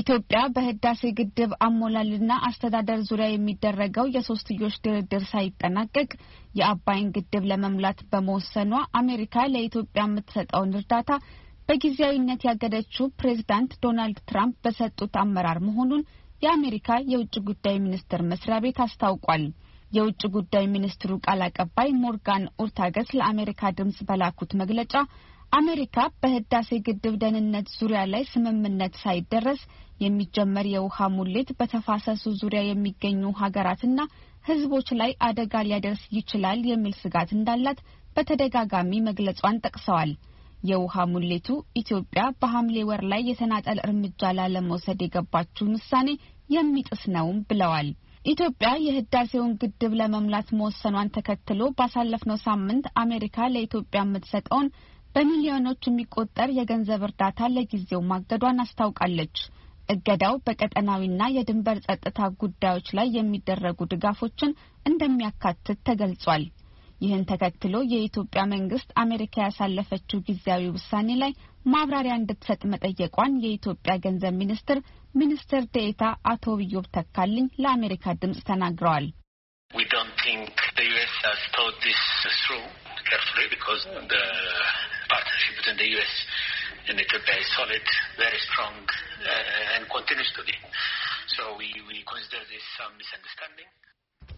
ኢትዮጵያ በህዳሴ ግድብ አሞላልና አስተዳደር ዙሪያ የሚደረገው የሶስትዮሽ ድርድር ሳይጠናቀቅ የአባይን ግድብ ለመሙላት በመወሰኗ አሜሪካ ለኢትዮጵያ የምትሰጠውን እርዳታ በጊዜያዊነት ያገደችው ፕሬዝዳንት ዶናልድ ትራምፕ በሰጡት አመራር መሆኑን የአሜሪካ የውጭ ጉዳይ ሚኒስቴር መስሪያ ቤት አስታውቋል። የውጭ ጉዳይ ሚኒስትሩ ቃል አቀባይ ሞርጋን ኦርታገስ ለአሜሪካ ድምጽ በላኩት መግለጫ አሜሪካ በህዳሴ ግድብ ደህንነት ዙሪያ ላይ ስምምነት ሳይደረስ የሚጀመር የውሃ ሙሌት በተፋሰሱ ዙሪያ የሚገኙ ሀገራትና ህዝቦች ላይ አደጋ ሊያደርስ ይችላል የሚል ስጋት እንዳላት በተደጋጋሚ መግለጿን ጠቅሰዋል። የውሃ ሙሌቱ ኢትዮጵያ በሐምሌ ወር ላይ የተናጠል እርምጃ ላለመውሰድ የገባችውን ውሳኔ የሚጥስ ነውም ብለዋል። ኢትዮጵያ የህዳሴውን ግድብ ለመምላት መወሰኗን ተከትሎ ባሳለፍነው ሳምንት አሜሪካ ለኢትዮጵያ የምትሰጠውን በሚሊዮኖች የሚቆጠር የገንዘብ እርዳታ ለጊዜው ማገዷን አስታውቃለች። እገዳው በቀጠናዊና የድንበር ጸጥታ ጉዳዮች ላይ የሚደረጉ ድጋፎችን እንደሚያካትት ተገልጿል። ይህን ተከትሎ የኢትዮጵያ መንግስት አሜሪካ ያሳለፈችው ጊዜያዊ ውሳኔ ላይ ማብራሪያ እንድትሰጥ መጠየቋን የኢትዮጵያ ገንዘብ ሚኒስትር ሚኒስትር ዴኤታ አቶ ብዮብ ተካልኝ ለአሜሪካ ድምጽ ተናግረዋል።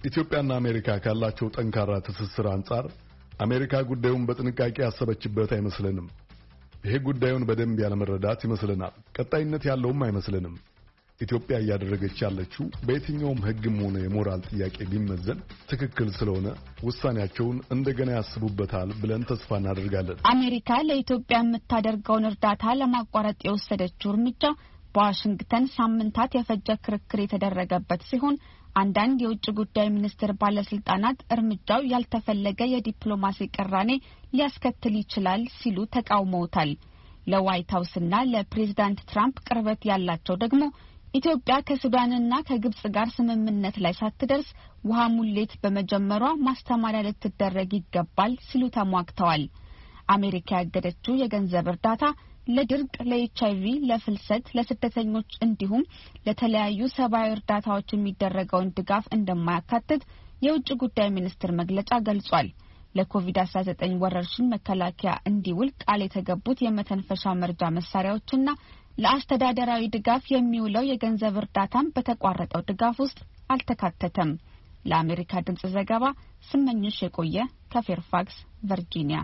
ኢትዮጵያና አሜሪካ ካላቸው ጠንካራ ትስስር አንጻር አሜሪካ ጉዳዩን በጥንቃቄ ያሰበችበት አይመስለንም። ይሄ ጉዳዩን በደንብ ያለመረዳት ይመስለናል። ቀጣይነት ያለውም አይመስለንም። ኢትዮጵያ እያደረገች ያለችው በየትኛውም ሕግም ሆነ የሞራል ጥያቄ ቢመዘን ትክክል ስለሆነ ውሳኔያቸውን እንደገና ያስቡበታል ብለን ተስፋ እናደርጋለን። አሜሪካ ለኢትዮጵያ የምታደርገውን እርዳታ ለማቋረጥ የወሰደችው እርምጃ በዋሽንግተን ሳምንታት የፈጀ ክርክር የተደረገበት ሲሆን አንዳንድ የውጭ ጉዳይ ሚኒስትር ባለስልጣናት እርምጃው ያልተፈለገ የዲፕሎማሲ ቅራኔ ሊያስከትል ይችላል ሲሉ ተቃውመውታል። ለዋይት ሀውስና ለፕሬዚዳንት ትራምፕ ቅርበት ያላቸው ደግሞ ኢትዮጵያ ከሱዳንና ከግብጽ ጋር ስምምነት ላይ ሳትደርስ ውሃ ሙሌት በመጀመሯ ማስተማሪያ ልትደረግ ይገባል ሲሉ ተሟግተዋል። አሜሪካ ያገደችው የገንዘብ እርዳታ ለድርቅ፣ ለኤች አይቪ፣ ለፍልሰት፣ ለስደተኞች እንዲሁም ለተለያዩ ሰብአዊ እርዳታዎች የሚደረገውን ድጋፍ እንደማያካትት የውጭ ጉዳይ ሚኒስቴር መግለጫ ገልጿል። ለኮቪድ-19 ወረርሽኝ መከላከያ እንዲውል ቃል የተገቡት የመተንፈሻ መርጃ መሳሪያዎችና ለአስተዳደራዊ ድጋፍ የሚውለው የገንዘብ እርዳታም በተቋረጠው ድጋፍ ውስጥ አልተካተተም። ለአሜሪካ ድምጽ ዘገባ ስመኝሽ የቆየ ከፌርፋክስ ቨርጂኒያ